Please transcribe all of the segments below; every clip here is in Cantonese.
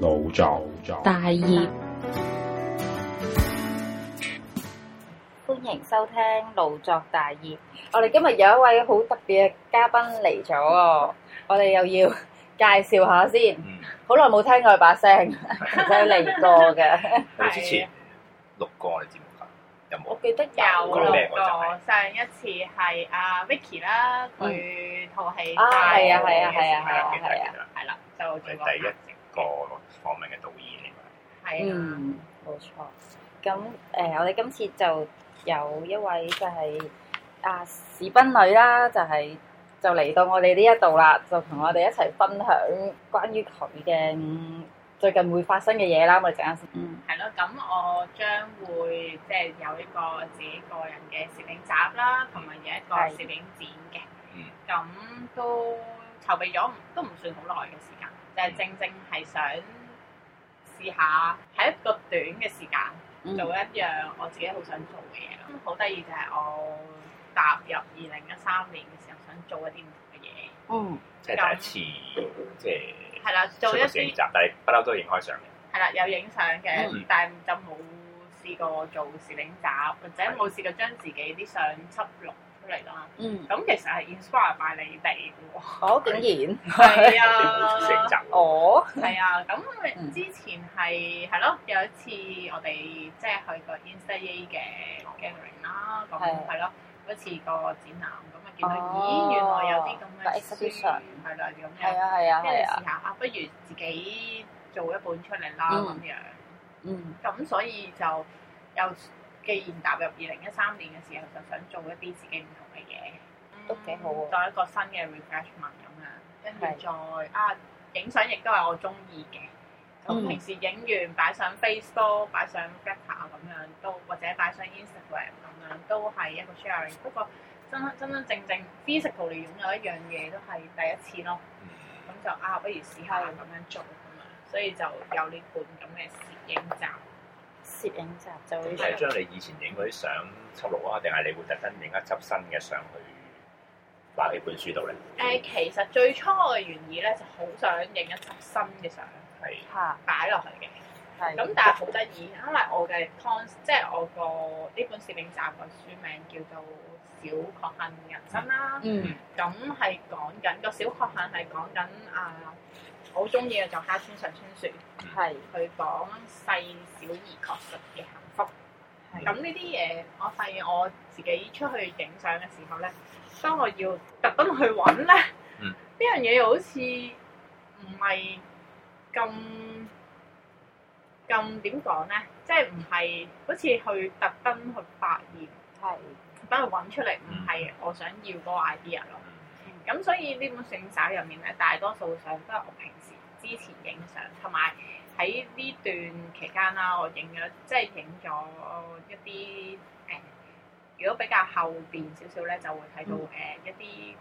腦作大業，歡迎收聽腦作大業。我哋今日有一位好特別嘅嘉賓嚟咗，我哋又要介紹下先。好耐冇聽過把聲，真係嚟過嘅。你之前六個我哋節目架有冇？我記得有六個。上一次係阿 Vicky 啦，佢套戲啊，係啊，係啊，係啊，係啊，係啦，就最第一。個方面嘅導演嚟，的嗯，冇錯。咁誒、呃，我哋今次就有一位就係、是、啊，史賓女啦，就係、是、就嚟到我哋呢一度啦，就同我哋一齊分享關於佢嘅、嗯、最近會發生嘅嘢啦。我哋陣間先。嗯，係咯。咁我將會即係、就是、有一個自己個人嘅攝影集啦，同埋有一個攝影展嘅。的嗯。咁都籌備咗，都唔算好耐嘅時間，誒正正係想試下喺一個短嘅時間做一樣我自己好想做嘅嘢咯。好得意就係我踏入二零一三年嘅時候想做一啲唔同嘅嘢。嗯，即係第一次即係。係啦，做一啲攝影集，但係不嬲都影開相嘅。係啦，有影相嘅，嗯、但係就冇試過做攝影集，或者冇試過將自己啲相輯錄。嚟啦，咁其實係 inspire by 你哋喎，好竟然係啊，選擇哦，係啊，咁之前係係咯，有一次我哋即係去過 insta 嘅 gathering 啦，咁係咯，嗰次個展覽咁啊，見到咦，原來有啲咁嘅書係例如咁樣，跟住試下啊，不如自己做一本出嚟啦咁樣，嗯，咁所以就又。既然踏入二零一三年嘅時候，就想做一啲自己唔同嘅嘢，嗯、都幾好啊！做一個新嘅 refreshment 咁樣，跟住再啊，影相亦都係我中意嘅。咁平時影完擺上 Facebook、擺上 Twitter 咁樣都，或者擺上 Instagram 咁樣都係一個 sharing。不過真真真正正 physical 嚟擁有一樣嘢都係第一次咯。咁就啊，不如試下咁樣做啊嘛，的所以就有呢本咁嘅攝影集。攝影集就係將你以前影嗰啲相輯錄啊，定係你會特登影一輯新嘅相去擺喺本書度咧？誒 其實最初我嘅原意咧，就好想影一輯新嘅相去擺落去嘅。係是。咁但係好得意，因為我嘅 con，即係我個呢本攝影集個書名叫做《小確幸人生》啦。嗯。咁係講緊個小確幸係講緊啊。好中意嘅作家村上春樹，係佢是講細小而確實嘅幸福。咁呢啲嘢，我發現我自己出去影相嘅時候咧，當我要特登去揾咧，嗯、樣麼麼呢樣嘢又好似唔係咁，咁點講咧，即係唔係好似去特登去發現，係等佢揾出嚟，唔係我想要嗰個 idea 咯。咁、嗯、所以呢本相集入面咧，大多數相都係我平。喺呢段期間啦，我影咗即係影咗一啲誒、呃，如果比較後邊少少咧，就會睇到誒一啲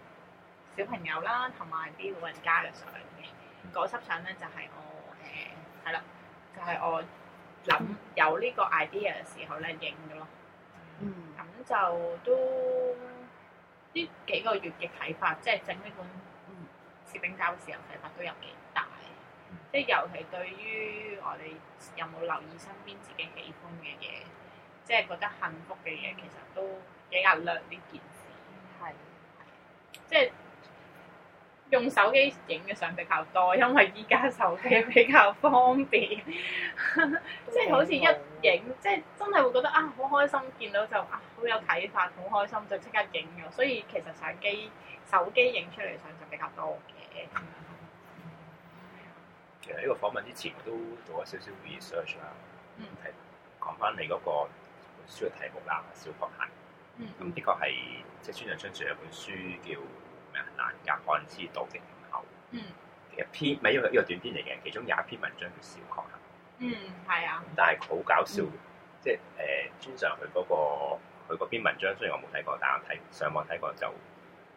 小朋友啦，同埋啲老人家嘅相嘅。嗰、嗯、輯相咧就係我誒係啦，就係、是、我諗、嗯就是、有呢個 idea 嘅時候咧影咗咯。嗯，咁就都呢幾個月嘅睇法，即係整呢本攝影膠嘅時候睇法都有幾大。即係尤其對於我哋有冇留意身邊自己喜歡嘅嘢，即係覺得幸福嘅嘢，其實都比較衡量呢件事。係是。即係用手機影嘅相比較多，因為依家手機比較方便，嗯、 即係好似一影，即係真係會覺得啊好開心，見到就啊好有睇法，好開心就即刻影咗。所以其實相機手機影出嚟相就比較多嘅。誒呢個訪問之前，都做咗少少 research 啦。嗯。講翻你嗰、那個書嘅題目啦，《小確幸》。嗯。咁的確係，即係村上春樹有本書叫咩，難《蘭格漢斯島的午後》。嗯。其實篇唔係因呢個短篇嚟嘅，其中有一篇文章叫《小確幸》，嗯，係啊。但係好搞笑，嗯、即係誒，村上佢嗰個佢嗰篇文章，雖然我冇睇過，但係我睇上網睇過就，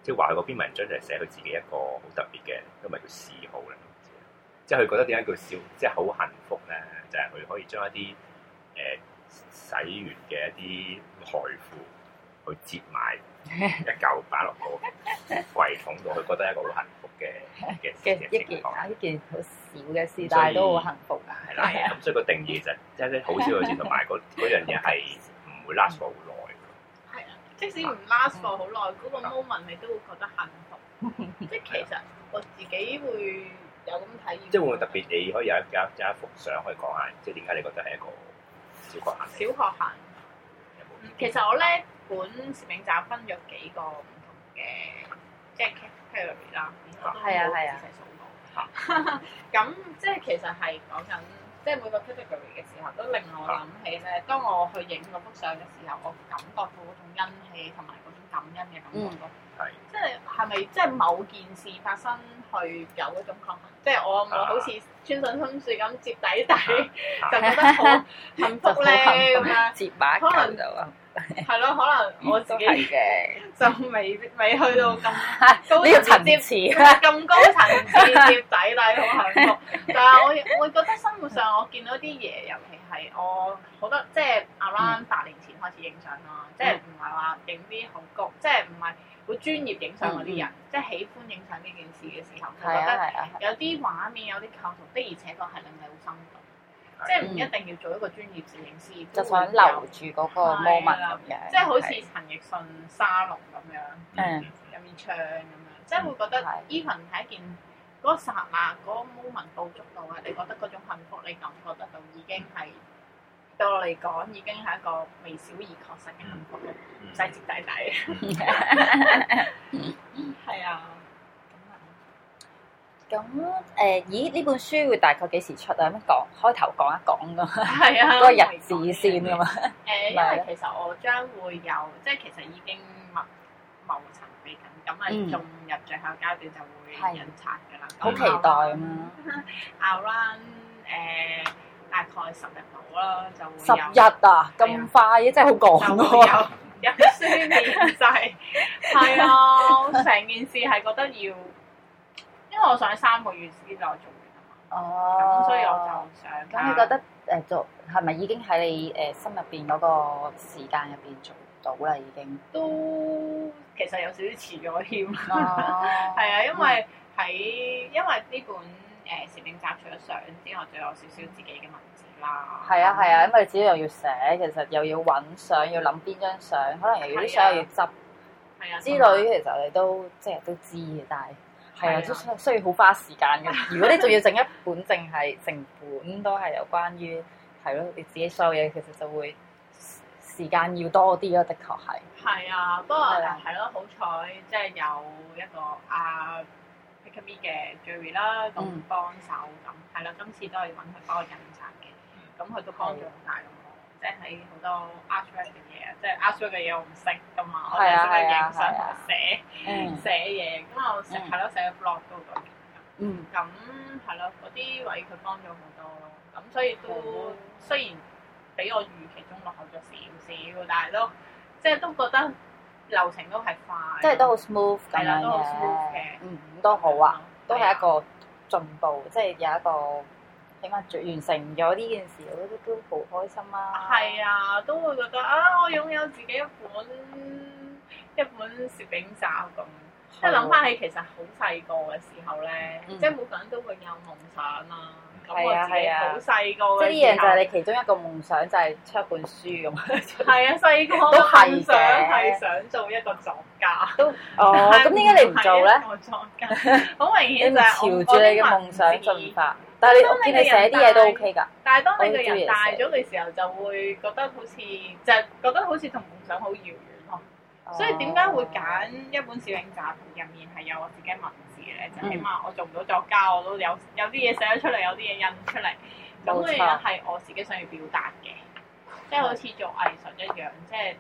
即係話佢嗰篇文章就係寫佢自己一個好特別嘅，因為叫嗜好啦。即係佢覺得點解叫小，即係好幸福咧？就係、是、佢可以將一啲誒、呃、洗完嘅一啲台布去摺埋一嚿擺落個櫃桶度，佢覺得一個好幸福嘅嘅情況，一件啊，一件好小嘅事，但係都好幸福。係啦，咁所以個定義就即係好小嘅事，同埋嗰嗰樣嘢係唔會 last 好耐。係啊， 即使唔 last 好耐，嗰 個 moment 你都會覺得幸福。 即係其實我自己會。有咁睇，即係會唔會特別？你可以有一一一幅相可以講下，即係點解你覺得係一個小確幸？小確幸，其實我呢、嗯、本攝影集分咗幾個唔同嘅，即係 category 啦，咁即係其實係講緊。即係每個 category 嘅時候，都令我諗起咧。當我去影嗰幅相嘅時候，我感覺到嗰種欣喜同埋嗰種感恩嘅感覺咯、嗯。即係係咪即係某件事發生去有嗰種確？啊、即係我唔好似穿針引線咁接底底，啊啊啊、 就覺得好幸福咧咁啊！折把筋就啊～係咯，可能我自己嘅，就未未去到咁高層次，咁高層次接仔帶好 幸福。 但係我我覺得生活上我見到啲嘢，尤其係我好多，即係 around 八年前開始影相啦，即係唔係話影啲好高，嗯、即係唔係好專業影相嗰啲人，嗯、即係喜歡影相呢件事嘅時候，就、嗯、覺得有啲畫面有啲構圖的，而且確係令你好豐即係唔一定要做一個專業攝影師，就想留住嗰個 moment 了樣即係好似陳奕迅沙龍咁樣，咁的樣，樣唱咁樣，即係會覺得 even 係一件嗰個剎那嗰個 moment 捕捉到，係你覺得嗰種幸福，你感覺得到已經係對我嚟講已經係一個微小而確實嘅幸福，細節底底，係啊。咁誒，咦？呢本書會大概幾時出啊？咁講對開頭講一講㗎，嗰 個日子先㗎嘛。誒，麼樣就係、其實我將會有，即係其實已經謀謀塵未緊，咁啊，進入最後階段就會印刷㗎啦。好期待啊！Around 誒，大概十日到啦，就十日啊！咁快啊！真係好趕啊！有書面就係，係啊！成件事係覺得要～因為我想三個月時間做㗎嘛，咁所以我就想。咁你覺得誒做係咪已經喺你誒心入邊嗰個時間入邊做到啦？已經都其實有少少遲咗添啦，係啊，因為喺因為呢本誒攝影集除咗相之外，仲有少少自己嘅文字啦。係啊係啊，因為你自己又要寫，其實又要揾相，要諗邊張相，可能又要啲相要執，係啊之類，其實你都即係都知嘅，但係。係啊，都需要好花時間嘅。如果你仲要整一本，淨係成本都係有關於係咯，你自己所有嘢其實就會時間要多啲咯，的確係。係啊，不過係咯，好彩即係有一個啊，Pick Me 嘅 Jury 啦，咁幫手咁係啦。今次都係揾佢幫我印刷嘅，咁佢、嗯、都幫咗好大。即係好多 art 嘅嘢，即係 art 嘅嘢我唔識噶嘛，我淨係影相寫，啊啊啊、寫嘢，咁我成係咯成日 blog 多咗嗯。咁係咯，嗰啲、啊、位佢幫咗好多咯，咁所以都、嗯、雖然比我預期中落後咗少少，但係都即係都覺得流程都係快。即係、嗯、都好 smooth 都好 smooth 嘅、嗯，嗯都好啊，對都係一個進步，即係對有一個。起碼完成咗呢件事，我都都好開心啊！係啊，都會覺得啊，我擁有自己一本一本攝影集咁。嗯、即係諗翻起，其實好細個嘅時候咧，嗯、即係每個人都會有夢想啦。咁、啊、我自己好細個。即係呢樣就係你其中一個夢想，就係出一本書咁係啊，細個都係想，係想做一個作家。哦，咁點解你唔做咧？我作家。好明顯就係朝住你嘅夢想進發。 但係你屋企人寫啲嘢都 OK 㗎，但係當你個人大咗嘅時候，就會覺得好似、嗯、就覺得好似同夢想好遙遠咯。哦、所以點解會揀一本攝影集入面係有我自己文字咧？就、嗯、起碼我做唔到作家，我都有有啲嘢寫咗出嚟，有啲嘢印出嚟，咁都係我自己想要表達嘅，即係好似做藝術一樣，即係。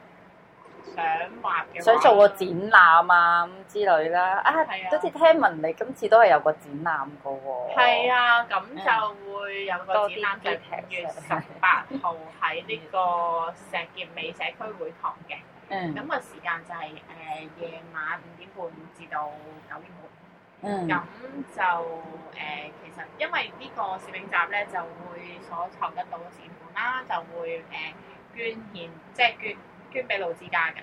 想畫嘅，想做個展覽啊咁之類啦。啊，係啊，好似聽聞你今次都係有個展覽個喎。係啊，咁就會有個展覽，就係五月十八號喺呢個石硤尾社區會堂嘅。嗯。咁個時間就係誒夜晚五點半至到九點半。嗯。咁就誒，其實因為呢個攝影集咧，就會所籌得到嘅錢款啦，就會誒捐獻，即係捐。捐俾老之家㗎，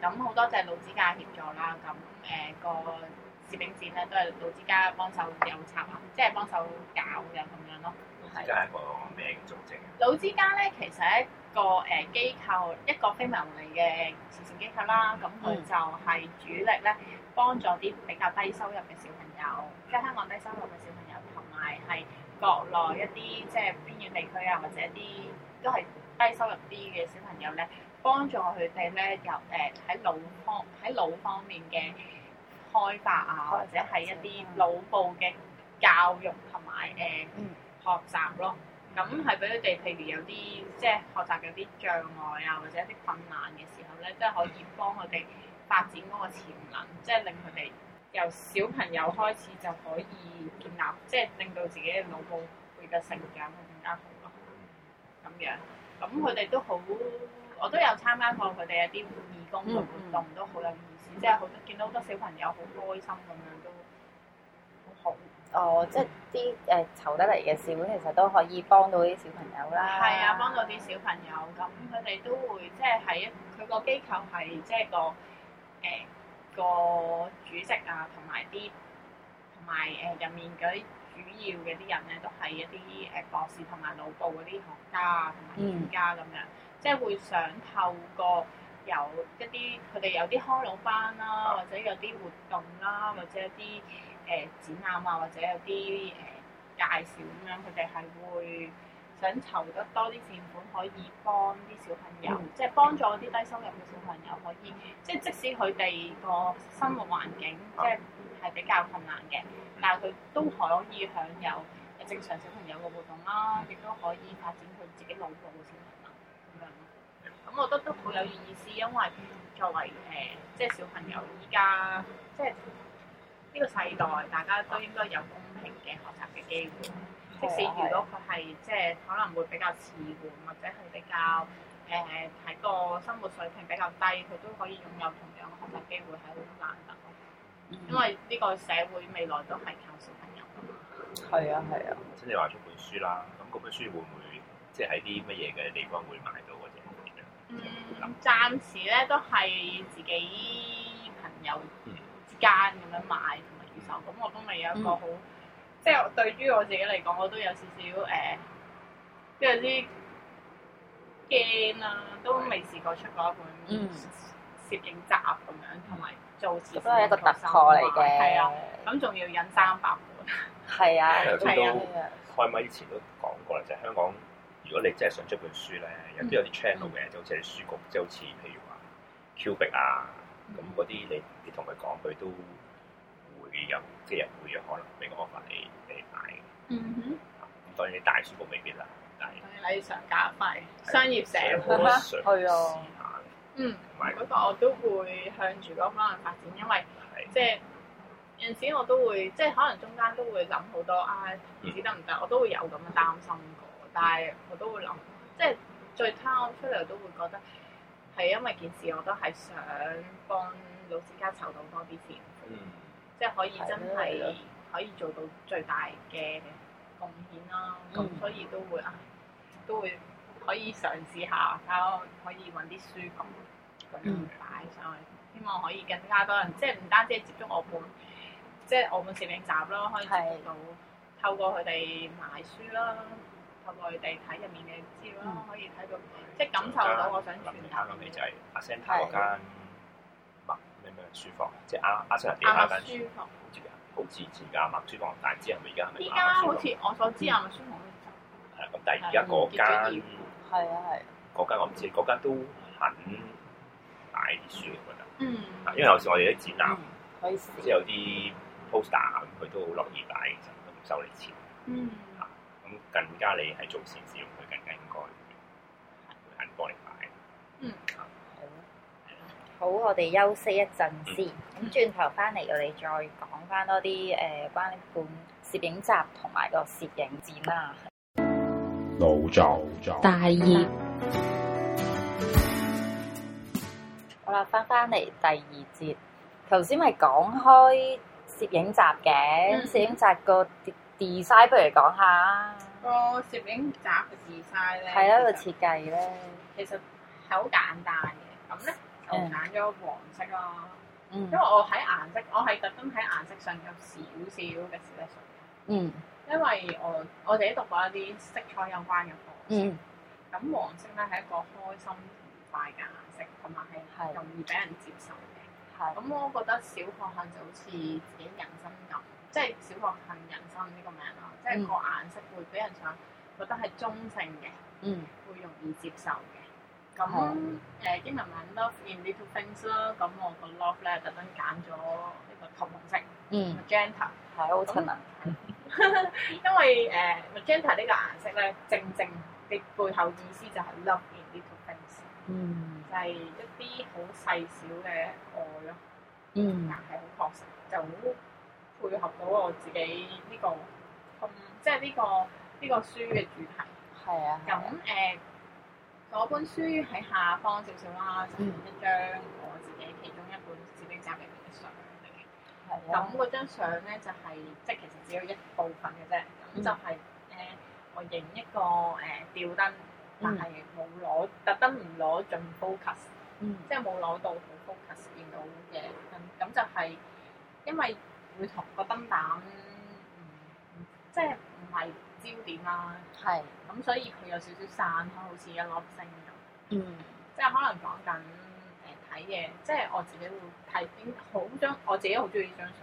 咁好、嗯、多就係老之家協助啦，咁誒個攝影展咧都係老之家幫手有策劃，即、就、係、是、幫手搞嘅咁樣咯。係。一個咩組織？老之家咧其實係一個誒機構，一個非牟利嘅慈善機構啦。咁佢、嗯、就係主力咧幫助啲比較低收入嘅小朋友，即係香港低收入嘅小朋友，同埋係國內一啲即係邊遠地區啊，或者一啲都係低收入啲嘅小朋友咧。幫助佢哋咧，由誒喺腦方喺腦方面嘅開發啊，或者係一啲腦部嘅教育同埋誒學習咯。咁係俾佢哋，譬如，如有啲即係學習有啲障礙啊，或者一啲困難嘅時候咧，即係可以幫佢哋發展嗰個潛能，即係、嗯、令佢哋由小朋友開始就可以建立，即、就、係、是、令到自己嘅腦部會嘅成長會更加好咯。咁樣，咁佢哋都好。我都有參加過佢哋一啲義工嘅活動，嗯、都好有意思。即係好多見到好多小朋友好開心咁樣，都好哦。嗯、即係啲誒籌得嚟嘅善款，其實都可以幫到啲小朋友啦。係啊，幫到啲小朋友，咁佢哋都會即係喺一佢個機構係即係個誒、呃、個主席啊，同埋啲同埋誒入面嗰啲主要嘅啲人咧，都係一啲誒博士同埋腦部嗰啲學家啊，同埋專家咁樣。嗯即係會想透過有一啲佢哋有啲開腦班啦、啊，或者有啲活動啦、啊，或者有啲誒、呃、展覽啊，或者有啲誒、呃、介紹咁、啊、樣，佢哋係會想籌得多啲善款，可以幫啲小朋友，嗯、即係幫助啲低收入嘅小朋友，可以即係即，即使佢哋個生活環境、嗯、即係係比較困難嘅，但係佢都可以享有正常小朋友嘅活動啦、啊，亦都可以發展佢自己腦部嘅。咁我覺得都好有意思，因為作為誒、呃，即係小朋友依家即係呢個世代，大家都應該有公平嘅學習嘅機會，啊啊、即使如果佢係即係可能會比較遲緩，或者係比較誒喺、呃、個生活水平比較低，佢都可以擁有同樣嘅學習機會係好難得，嗯、因為呢個社會未來都係靠小朋友。係啊，係啊。即係你話出本書啦，咁嗰本書會唔會即係喺啲乜嘢嘅地方會買到？嗯，暫時咧都係自己朋友之間咁樣買同埋銷售，咁我都未有一個好，嗯、即係對於我自己嚟講，我都有少少誒，都有啲驚啦，都未試過出過一本攝影集咁樣，同埋、嗯、做事，都係一個特錯嚟嘅，係啊，咁仲要印三百本，係啊， 啊都啊啊開咪前都講過啦，就係、香港。如果你真係想出本書咧，有啲有啲 channel 嘅，即係好似書局，即係好似譬如話 Kubrick 啊，咁嗰啲你你同佢講，佢都會有即係有會有可能俾個方法俾你你買。嗯哼。咁當然大書局未必啦，但係你如常嘉輝商業社，可以去試下，嗯，同埋嗰個我都會向住嗰方向發展，因為的即係有陣時我都會即係可能中間都會諗好多啊，唔知得唔得？嗯、我都會有咁嘅擔心。但係我都會諗，即係最啱出嚟都會覺得係因為件事，我都係想幫老師家籌到多啲錢，嗯、即係可以真係可以做到最大嘅貢獻啦。咁、嗯、所以都會啊，都會可以嘗試下睇可以揾啲書咁咁擺上去，嗯、希望可以更加多人，即係唔單止係接觸我本，即係我本攝影集咯，可以做到、嗯、透過佢哋買書啦。內地睇入面嘅資料啦，可以睇到，即係感受到我想。我諗嘅貪就係阿 sent 嗰間咩咩書房，即係阿阿 sent 入邊嗰間。安得好似好自然㗎！墨書房，但係知唔知而家係咪？依家好似我所知，墨書房都走。係咁，但係而家嗰間，係啊係。嗰間我唔知，嗰間都很擺啲書，我覺得。嗯。啊，因為有時我哋啲展覽，或者有啲 poster 佢都好樂意擺，都唔收你錢。嗯。更加你係做善事用，佢更加應該會肯幫你買。嗯，好。嗯、好，我哋休息一陣先。咁轉頭翻嚟，我哋再講翻多啲誒關於本攝影集同埋個攝影展啦。老就大熱。好啦，翻翻嚟第二節。頭先咪講開攝影集嘅，嗯、攝影集個 design 不如講下個攝影集嘅 design 咧，係啦個設計咧，其實係好簡單嘅。咁咧，就揀咗黃色咯，因為我喺顏色，我係特登喺顏色上有少少嘅嘗試。嗯，因為我我自己讀過一啲色彩有關嘅課。嗯。咁黃色咧係一個開心同愉快嘅顏色，同埋係容易俾人接受嘅。咁、嗯、我覺得小確幸就好似自己人生咁，即、就、係、是、小確幸人生呢個名啦，嗯、即係個顏色會俾人想覺得係中性嘅，嗯，會容易接受嘅。咁誒英文名 Love in Little Things 啦，咁我個 Love 咧特登揀咗呢個桃紅色，嗯，Magenta 係好親民，因為誒、uh, Magenta 呢個顏色咧正正嘅背後意思就係 Love in Little Things，嗯。係一啲好細小嘅愛咯，嗯、但係好確實，就好配合到我自己呢、這個咁即係呢個呢、這個書嘅主題。係啊。咁誒，呃、嗰本書喺下方少少啦，就係、是、一張我自己其中一本自編集入面嘅相嚟嘅。係啊。咁嗰張相咧就係、是、即係其實只有一部分嘅啫，咁就係、是、誒、呃、我影一個誒、呃、吊燈。但係冇攞，特登唔攞進 focus，嗯，即係冇攞到好 focus 見到嘅燈，咁就係因為會同個燈膽，即係唔係焦點啦。係咁所以佢有少少散，好似一粒星咁。嗯。即係可能講緊誒睇嘢，即係我自己會睇邊好張，我自己好中意呢張相。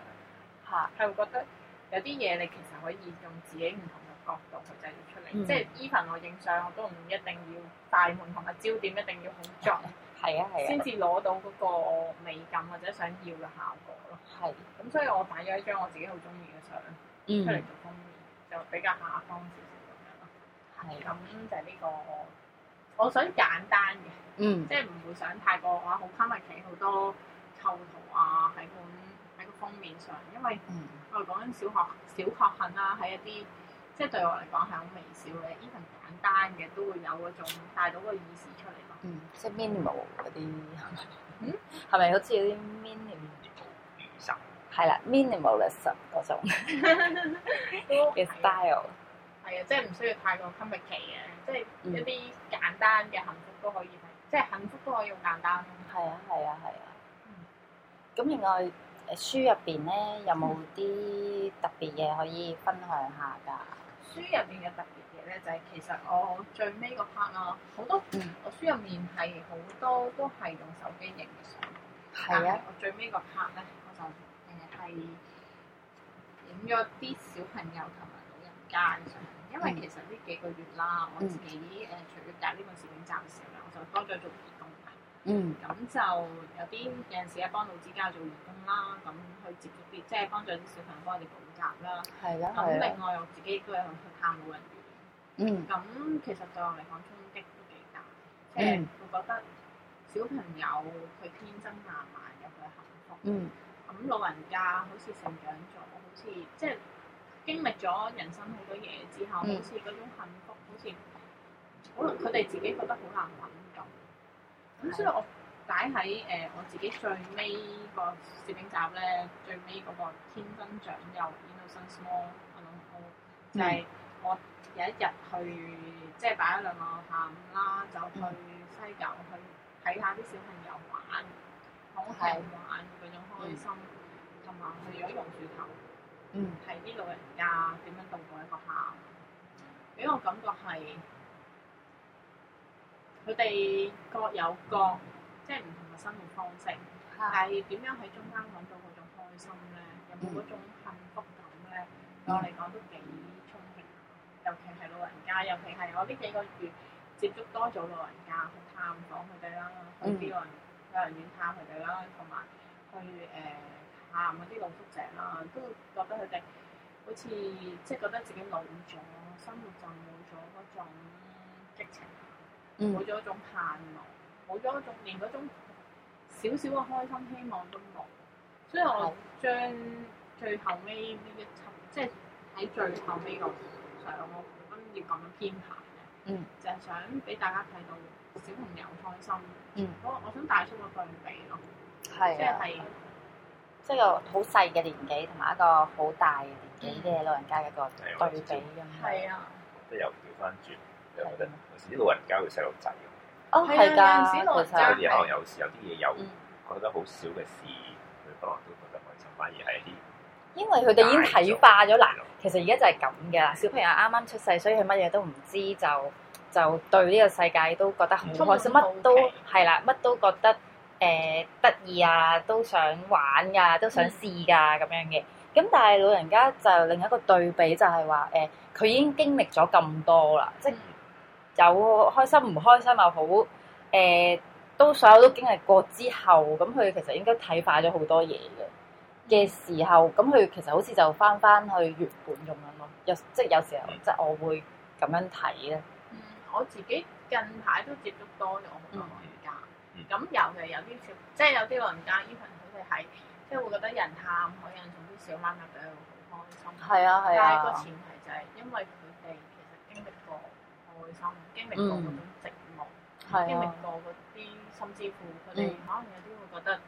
吓是，係會覺得有啲嘢你其實可以用自己唔同。角度去製出嚟，嗯、即係 even 我影相我都唔一定要大門同埋焦點一定要好作，係、嗯、啊係先至攞到嗰個美感或者想要嘅效果咯。係咁是，所以我擺咗一張我自己好中意嘅相出嚟做封面，就比較下方少少咁樣。係咁、啊、就係呢、呢個，我想簡單嘅，即係唔會想太過啊，好 comedy 好多構圖啊，喺本喺個封面上，因為我哋講緊小確小確幸啦，喺、啊啊、一啲。即係對我嚟講係好微小嘅，依份簡單嘅都會有嗰種帶到個意思出嚟咯。嗯，即係 minimal 嗰啲係咪？ 嗯，係咪好似有啲 minimalism？係啦，minimalism 嗰種嘅 style。係啊 是，即係唔需要太過 commitment 嘅，即係一啲簡單嘅幸福都可以，嗯、即係幸福都可以用簡單。係啊，係啊，係啊。嗯，咁另外誒書入邊咧，有冇啲特別嘢可以分享下㗎？書入面嘅特別嘢咧，就係、是、其實我最尾個 part 啦，好多、嗯、我書入面係好多都係用手機影嘅相，嗯、但係我最尾個 part 咧，我就誒係影咗啲小朋友同埋老人家嘅相，因為其實呢幾個月啦，我自己誒、嗯呃、除咗帶呢個攝影集嘅時候，我就多咗做義工啦，嗯，咁就有啲有陣時咧幫老人家做義工啦，咁去接觸啲即係幫咗啲小朋友幫我哋。啦，係啦，咁另外我自己都係去探老人院。嗯，咁其實對我嚟講衝擊都幾大，嗯、即係我覺得小朋友佢天真爛漫嘅佢幸福。嗯，咁老人家好似成長咗，好似即係經歷咗人生好多嘢之後，嗯、好似嗰種幸福，好似可能佢哋自己覺得好難揾咁。咁、嗯、所以我，擺喺誒我自己最尾個攝影集咧，最尾嗰個天燈獎又演到新小，我係、嗯、我有一日去，即係擺咗兩個下午啦，就去西九去睇下啲小朋友玩，好好玩嗰、嗯、種開心，同埋、嗯、去養榕樹頭，睇啲老人家點樣度過一個下午，俾我感覺係佢哋各有各。嗯即係唔同嘅生活方式，但係點樣喺中間揾到嗰種開心咧？有冇嗰種幸福感咧？對、嗯、我嚟講都幾充實，尤其係老人家，尤其係我呢幾個月接觸多咗老人家去探訪佢哋啦，嗯、去、有人有去、呃、老人老人院探佢哋啦，同埋去誒探嗰啲老福者啦，嗯、都覺得佢哋好似即係覺得自己老咗，生活就冇咗嗰種激情，冇咗一種盼望。冇咗仲種，連嗰種少少嘅開心、希望都冇，所以我將最後尾呢一輯，的即係喺最後尾個上，我覺得要咁樣編排嘅，嗯，就係想俾大家睇到小朋友開心，嗯，我我想帶出個對比咯，係，即係係，即係好細嘅年紀同埋一個好大嘅年紀嘅老人家嘅一個對比，係啊的，即係又調翻轉，我覺得有時的老人家會細路仔係啊，即係可能有時有啲嘢，有覺得好小嘅事，佢可能都覺得開心，反而係一啲因為佢哋已經睇化咗啦。其實而家就係咁嘅啦。小朋友啱啱出世，所以佢乜嘢都唔知，就就對呢個世界都覺得好開心，乜都係啦，乜都覺得誒得意啊，都想玩㗎，都想試㗎咁樣嘅。咁但係老人家就另一個對比就係話誒，佢已經經歷咗咁多啦，即係。有開心唔開心又好，誒、呃、都所有都經歷過之後，咁佢其實應該睇化咗好多嘢嘅嘅時候，咁佢其實好似就翻翻去原本咁樣咯。有即係、就是、有時候，即係、mm. 我會咁樣睇咧。嗯，我自己近排都接觸多咗好多老、mm. 就是、人家，咁尤其有啲即係有啲老人家 even 佢哋係即係會覺得人喊人同啲小朋友好開心。係啊係啊。但係個前提就係因為。心經歷過嗰種寂寞，嗯、經歷過嗰啲，嗯、甚至乎佢哋可能有啲會覺得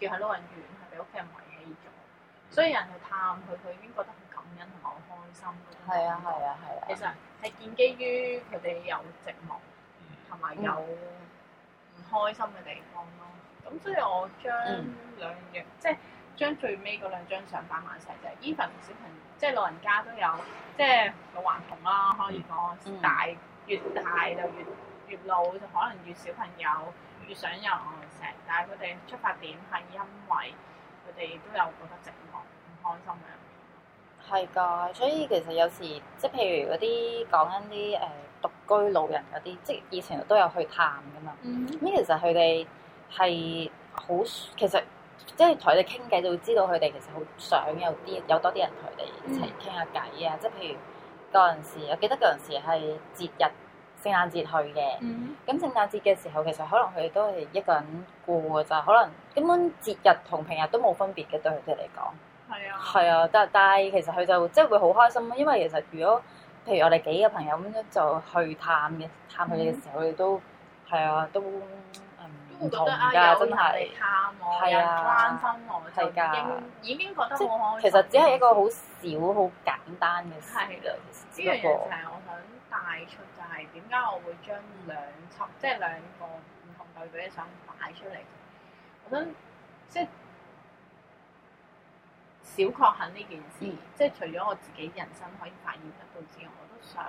叫係老人院係俾屋企人遺棄咗，嗯、所以人去探佢，佢已經覺得好感恩同埋好開心咯。啊、嗯，係、嗯、啊，係啊。其實係建基於佢哋有寂寞，同埋有唔開心嘅地方咯。咁、嗯、所以我將兩樣、嗯、即係。將最尾嗰兩張相擺埋一齊啫。even 同小朋友，即係老人家都有，即係老頑童啦，可以講。大越大就越越老，就可能越小朋友越想有成。但係佢哋出發點係因為佢哋都有覺得寂寞唔開心嘅。係噶，所以其實有時即係譬如嗰啲講緊啲誒獨居老人嗰啲，即係以前都有去探㗎嘛。咁、mm hmm. 其實佢哋係好其實。即係同佢哋傾偈，就會知道佢哋其實好想有啲有多啲人同佢哋一齊傾下偈啊！嗯、即係譬如嗰陣時，我記得嗰陣時係節日聖誕節去嘅。咁、嗯、聖誕節嘅時候，其實可能佢哋都係一個人過，就可能根本節日同平日都冇分別嘅對佢哋嚟講。係啊，係啊，但但係其實佢就即係會好開心咯，啊，因為其實如果譬如我哋幾個朋友咁樣就去探嘅探佢哋嘅時候，佢哋都係啊都。會覺得唔同㗎，真係係啊，的關心我係㗎，的已經的已經覺得好開心。其實只係一個好少、好簡單嘅事啦。呢樣嘢就係我想帶出，就係點解我會將兩輯，嗯、即係兩個唔同類別嘅嘢擺出嚟。我想，即係小確幸呢件事，嗯、即係除咗我自己人生可以發現得到之外，我都想。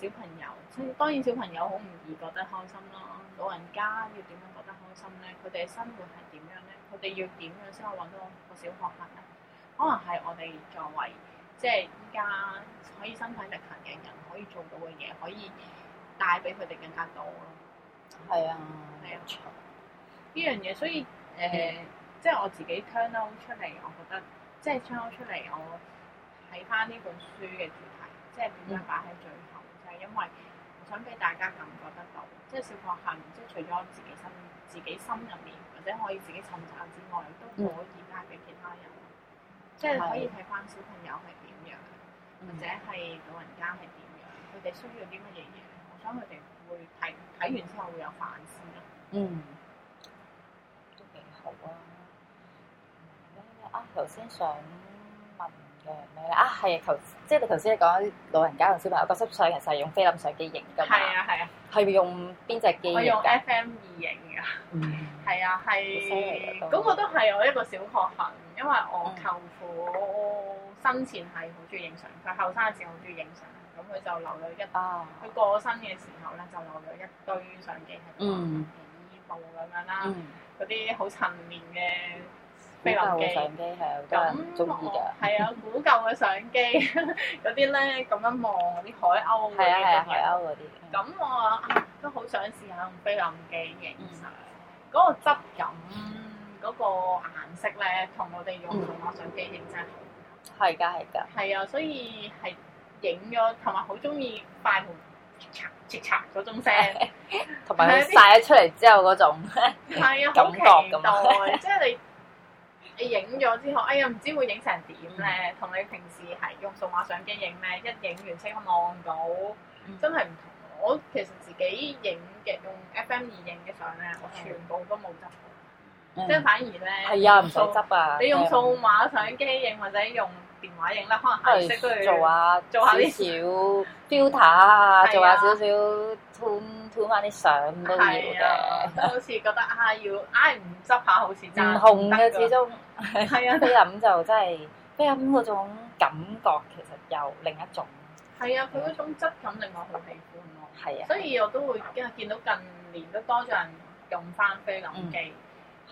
小朋友，當然小朋友好唔易覺得開心咯。老人家要點樣覺得開心咧？佢哋生活係點樣咧？佢哋要點樣先可以揾到個小確幸咧？可能係我哋作為即係依家可以身體力行嘅人，可以做到嘅嘢，可以帶俾佢哋更加多咯。係啊，係啊，呢樣嘢，所以誒，即係我自己 turn out 出嚟，我覺得即係 turn out 出嚟，我睇翻呢本書嘅主題，即係點樣擺喺最後。因為想俾大家感覺得到，即係小確幸，即係除咗自己身，自己心自己心入面，或者可以自己尋找之外，都可以帶俾其他人，即係、嗯、可以睇翻小朋友係點樣，嗯、或者係老人家係點樣，佢哋需要啲乜嘢嘢，我想佢哋會睇睇完之後會有反思嘅，嗯，都幾好啊，咧啊，頭先想。誒咩啊係啊頭，即係你頭先講老人家同小朋友覺得其實係用菲林相機影噶嘛，係啊係啊，係用邊隻機？我用 FM 二影噶，係啊係。咁我都係有一個小確幸，因為我舅父生前係好中意影相，佢後生嘅時候好中意影相，咁佢就留咗一堆，佢過身嘅時候咧就留咗一堆相機喺度，幾部咁樣啦，嗰啲好陳年嘅。菲林嘅機咁，係啊，啊，古舊嘅相機，嗰啲咧咁樣望嗰啲海鷗嗰啲咁，我啊，都好想試下用菲林機影相。嗰 個質感，嗰、那個顏色咧，同我哋用同、嗯、我相機影真係好係㗎，係㗎。係啊， 所以係影咗同埋好中意快門咔嚓，咔嚓嗰種聲，同埋晒咗出嚟之後嗰種係啊，感覺咁啊， 即係你。你影咗之後，哎呀，唔知會影成點咧？同、mm hmm. 你平時係用數碼相機影咧，一影完即刻望到，mm hmm. 真係唔同。我其實自己影嘅用 FM2 影嘅相咧，我全部都冇執，mm hmm. 即係反而咧，係、哎、啊，唔想執啊！你用數碼相機影或者用。電話影啦，可能係做下做下少少 filter 啊，做下少少 turn turn 翻啲相都要嘅。好似覺得啊，要唉唔執下好似唔紅嘅始終。係啊，菲林就真係菲林嗰種感覺其實又另一種。係啊，佢嗰種質感令我好喜歡咯。係啊。所以我都會見到近年都多咗人用翻菲林機，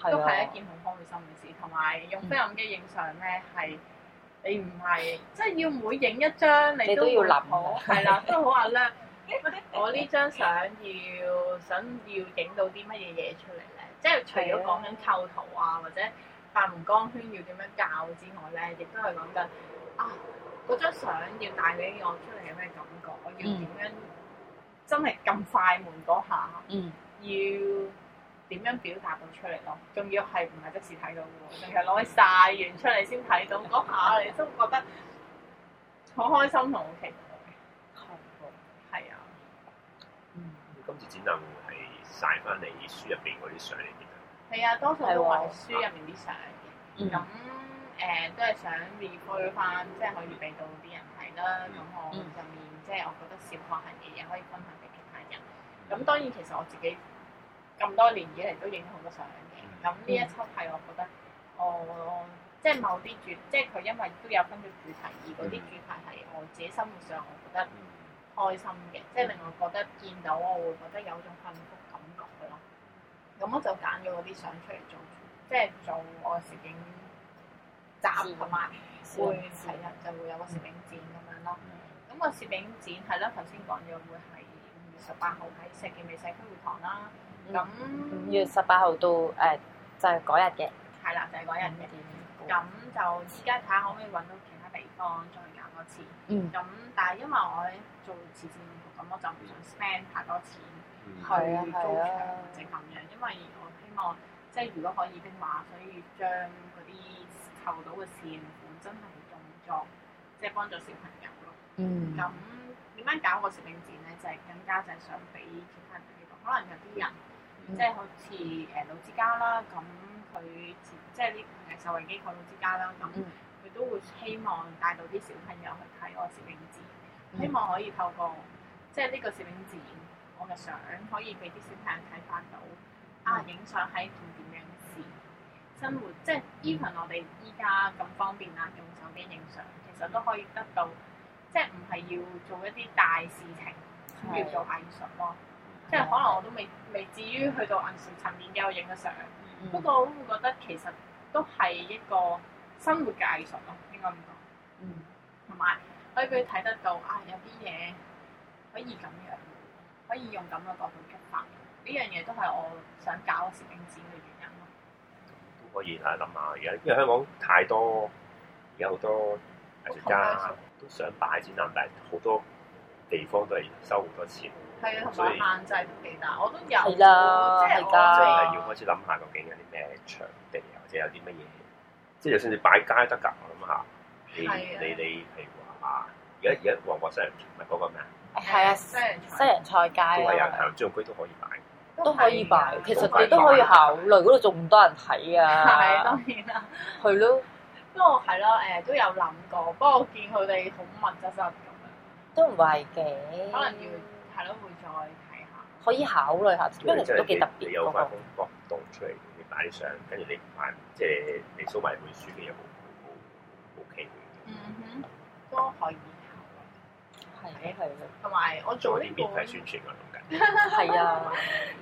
都係一件好開心嘅事。同埋用菲林機影相咧係。你唔係，即係要每影一張，你都要諗，係啦， 都好 alert 我呢張相要想要影到啲乜嘢嘢出嚟咧？即係除咗講緊構圖啊，或者快門光圈要點樣較之外咧，亦都係講緊啊，嗰張相要帶俾我出嚟有咩感覺？我要點樣真係撳快門嗰下，嗯、要。點樣表達到出嚟咯？仲要係唔係得時睇到嘅喎？淨係攞去晒完出嚟先睇到嗰下，你都覺得好開心同好期待。係 的，係啊。嗯，今次展覽係晒翻你書入邊嗰啲相嚟嘅。係啊，多數都係書入面啲相嘅。咁誒、啊嗯呃，都係想 release 翻，即係可以俾到啲人睇啦。咁、嗯、我入面即係我覺得小確幸嘅嘢，可以分享俾其他人。咁當然，其實我自己。咁多年以嚟都影好多相嘅，咁呢一輯係我覺得，嗯、哦，即係某啲主，即係佢因為都有分咗主題，而嗰啲主題係我自己生活上，我覺得開心嘅，嗯、即係令我覺得見到我會覺得有種幸福感覺嘅咯。咁我就揀咗嗰啲相出嚟做，即係做我攝影集同埋的會係啊，的的就會有個攝影展咁樣咯。咁、個攝影展係啦，頭先講咗會係五月十八號喺石硤尾社區會堂啦。咁五月十八號到誒就係嗰日嘅，係啦，就係嗰日嘅。咁就依家睇下可唔可以揾到其他地方再搞多次。嗯。咁、呃就是就是、但係因為我做慈善活動，咁我就唔想 spend 太多錢去租場或者咁樣，啊啊、因為我希望即係、就是、如果可以的話，所以將嗰啲籌到嘅善款真係用咗，即、就、係、是、幫助小朋友咯。嗯。咁點樣搞個攝影展咧？就係、是、更加就係想俾其他人睇到，可能有啲人。嗯、即係好似誒老之家啦，咁、嗯、佢即係呢誒受惠機構老之家啦，咁佢、嗯、都會希望帶到啲小朋友去睇我攝影展，嗯、希望可以透過即係呢個攝影展，我嘅相可以俾啲小朋友睇翻到、嗯、啊，影相喺點點樣事，生活，嗯、即係 even 我哋依家咁方便啦，用手機影相，其實都可以得到，即係唔係要做一啲大事情咁叫做藝術咯。即係可能我都未未至於去到銀鹽層面嘅，我影嘅相。不過、嗯、我都會覺得其實都係一個生活嘅藝術咯，應該咁講。嗯，同埋可以俾睇得到啊，有啲嘢可以咁樣，可以用咁嘅角度觸發。呢樣嘢都係我想搞攝影展嘅原因都。都可以啊，諗下而家，因為香港太多，有好多藝術家都想擺展覽，但係好多地方都係收好多錢。係啊，同埋限制都幾大，我都有，即係要開始諗下究竟有啲咩場地或者有啲乜嘢，即係就算你擺街都得㗎，我諗下，你你你，譬如話，而家而家旺角西洋菜，唔係嗰個咩啊？係啊，西洋菜，西洋菜街都係有行商區都可以擺，都可以擺。其實你都可以考慮，嗰度仲多人睇啊。係當然啦。係咯。不過係咯，誒都有諗過，不過我見佢哋好密質質咁樣，都唔係嘅。可能要。係咯，會再睇下，可以考慮下，因為都幾特別。你有翻角度出嚟，你擺啲相，跟住你擺，即係你數埋本書嘅有冇？好 O K 嗯哼，都可以考慮。係係同埋我做呢、這個免費宣傳嗰種係啊，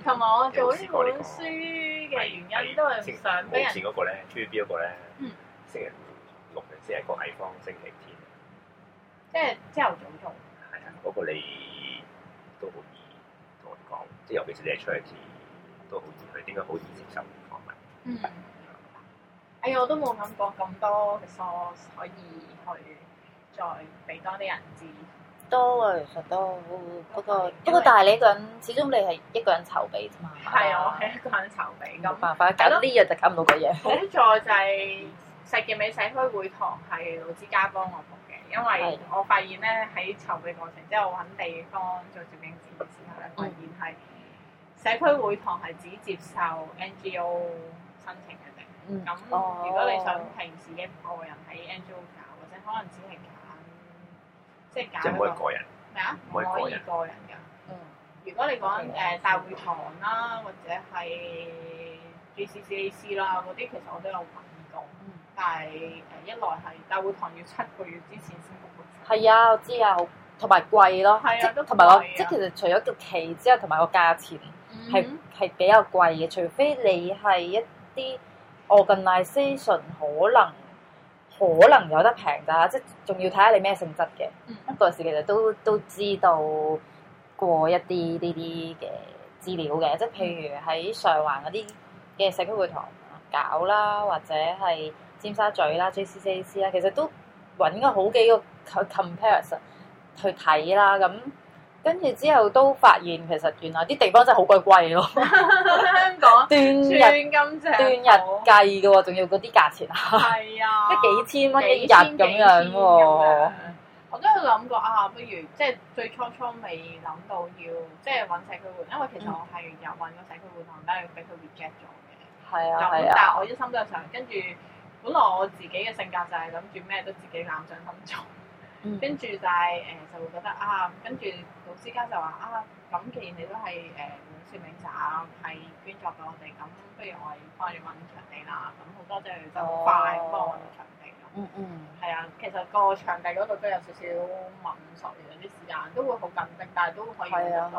同埋 我做呢本書嘅原因都係想俾人。前嗰個咧，追 B 嗰個咧、嗯，星期六定星期個喺方星期天，即係朝頭早做。係啊，嗰、那個、你。都好易同我講，即係尤其是你係出嚟做，都好易，應該好易接受呢方面。嗯。哎呀，我都冇諗過咁多嘅 source 可以去再俾多啲人知。多啊，其實都。不過不過，但係你一個人，始終你係一個人籌備啫嘛。係啊，我係一個人籌備。咁辦法，搞呢樣就搞唔到嗰嘢。好在就係石硤尾社區會堂，係老之家幫我。因為我發現咧，喺籌備過程，即係揾地方做攝影展嘅時候咧，嗯、發現係社區會堂係只接受 NGO 申請嘅啫。咁、嗯哦、如果你想平時嘅個人喺 NGO 搞或者可能只係揀，即係揀。一個人。咩啊？唔可以個人㗎。嗯。如果你講誒大會堂啦，或者係 JCCAC 啦嗰啲，其實我都有。大誒一來係大會堂要七個月之前先復活，係啊，我知啊，同埋貴咯，係啊，同埋我、啊、即係其實除咗個期之後，同埋個價錢係係、mm hmm. 比較貴嘅，除非你係一啲 organization 可能、mm hmm. 可能有得平㗎，即係仲要睇下你咩性質嘅。咁嗰、mm hmm. 時其實都都知道過一啲呢啲嘅資料嘅，即係譬如喺上環嗰啲嘅社區會,會堂搞啦，或者係。尖沙咀啦，JCCC 啦，其實都揾咗好幾個 comparator 去睇啦，咁跟住之後都發現其實原來啲地方真係好鬼貴咯， 香港，斷日，日計嘅喎，仲要嗰啲價錢，係啊，即幾千蚊一日咁樣喎、啊。我都有諗過啊，不如即最初初未諗到要即揾社區會，因為其實我係又揾過社區會同，嗯、但係俾佢 reject 咗嘅。係啊，係啊。但係我一心都係想跟住。本來我自己嘅性格就係諗住咩都自己攬上咁做、嗯，跟住就係、是、誒、呃、就會覺得啊，跟住老師家就話啊，咁既然你都係誒攝影展啊，係、呃、捐助俾我哋，咁不如我哋幫你揾場地啦。咁好多謝你，就好快幫我揾到場地。哦、嗯嗯。係啊，其實個場地嗰度都有少少問熟啲時間，都會好緊迫，但係都可以。係啊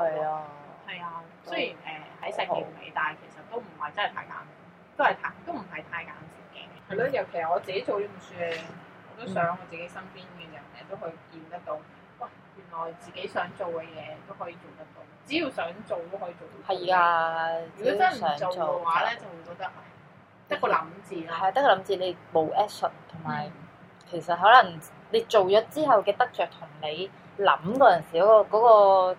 係啊。係雖然誒喺石橋尾，但係其實都唔係真係太緊，都係太都唔係太緊。係咯，尤其係我自己做呢本書，我都想我自己身邊嘅人咧都可以見得到。哇，原來自己想做嘅嘢都可以做得到，只要想做都可以做到。係呀，如果真係唔做嘅話咧，就會覺得係得個諗字啦。係得個諗字，嗯、你冇 action 同埋、嗯，其實可能你做咗之後嘅得着、嗰個，同你諗嗰陣時嗰個嗰個、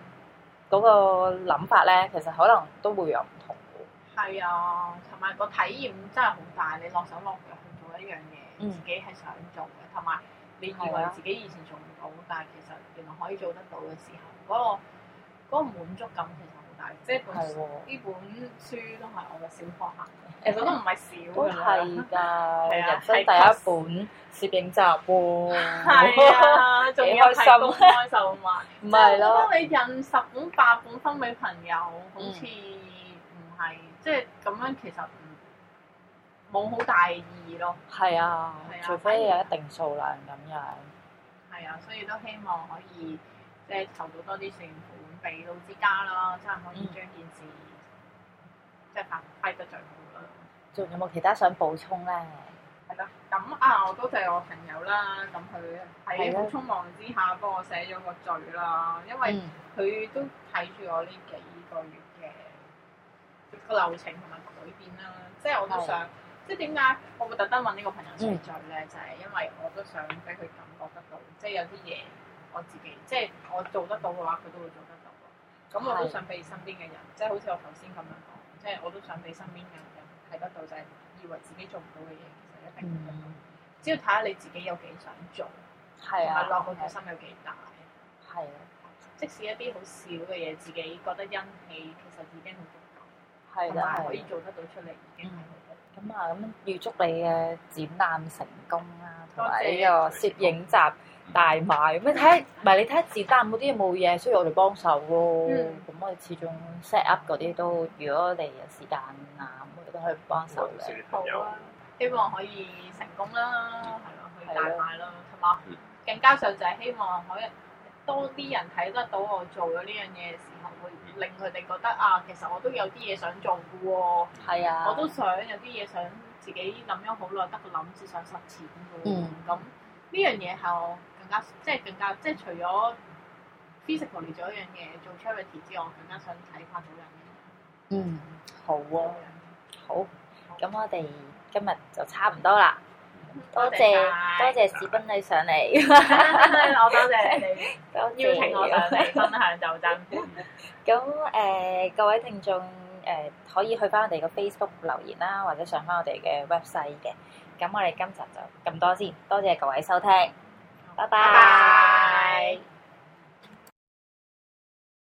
嗰個、諗法咧，其實可能都會有唔同嘅。係啊，同埋個體驗真係好大，你落手落腳。一樣嘢自己係想做嘅，同埋你以為自己以前做唔到，但係其實原來可以做得到嘅時候，嗰個嗰個滿足感其實好大。即係本呢本書都係我嘅小確幸。其實都唔係小㗎啦，係人生第一本攝影集喎。係啊，幾開心。幾開心就買。唔係咯，你印十本八本分俾朋友，好似唔係，即係咁樣其實。冇好大意咯，係啊，啊除非有一定數量咁樣係，啊，所以都希望可以即係籌到多啲善款俾老之家啦，真係可以將件事、嗯、即係發揮得最好啦。仲有冇其他想補充咧？係咯、啊，咁啊，我都多謝我朋友啦，咁佢喺匆忙之下、啊、幫我寫咗個序啦，因為佢都睇住我呢幾個月嘅個流程同埋改變啦，即、就、係、是、我都想、啊。即係點解我會特登搵呢個朋友去做咧？ 就係因為我都想俾佢感覺得到，即、就、係、是、有啲嘢我自己即係我做得到嘅話，佢都會做得到。咁我，的我，就是、我都想俾身邊嘅人，即係好似我頭先咁樣講，即係我都想俾身邊嘅人睇得到，就係以為自己做唔到嘅嘢，其實一定做得到。嗯、只要睇下你自己有幾想做，同埋落個決心有幾大。係啊的。即使一啲好小嘅嘢，自己覺得欣喜，其實已經好重要，係同埋可以做得到出嚟，已經係好。咁啊，咁、嗯、預祝你嘅展覽成功啦，同埋呢個攝影集大賣。咁 你睇，唔係你睇下展覽嗰啲有冇嘢需要我哋幫手咯？咁、嗯、我哋始終 set up 嗰啲都，如果你有時間啊，咁我哋都可以幫手嘅。好啦、啊。希望可以成功啦，係咯、嗯，去、啊、大賣啦，同埋、啊、更加上就係希望可以。多啲人睇得到我做咗呢樣嘢嘅時候，會令佢哋覺得啊，其實我都有啲嘢想做嘅喎、哦。係啊，我都想有啲嘢想自己諗咗好耐，得個諗先想實踐嘅喎。嗯。咁呢樣嘢係我更加即係更加即係除咗 physically 做一樣嘢，做 charity 之外，我更加想睇翻到呢樣嘢。嗯，好喎、哦。好。咁好我哋今日就差唔多啦。嗯謝謝，多謝多謝，史斌你上嚟，我 多謝你，邀請我上嚟 分享就真。咁誒、 呃、各位聽眾誒、呃、可以去翻我哋個 Facebook 留言啦，或者上翻我哋嘅 website 嘅。咁我哋今集就咁多先，多謝各位收聽，拜拜。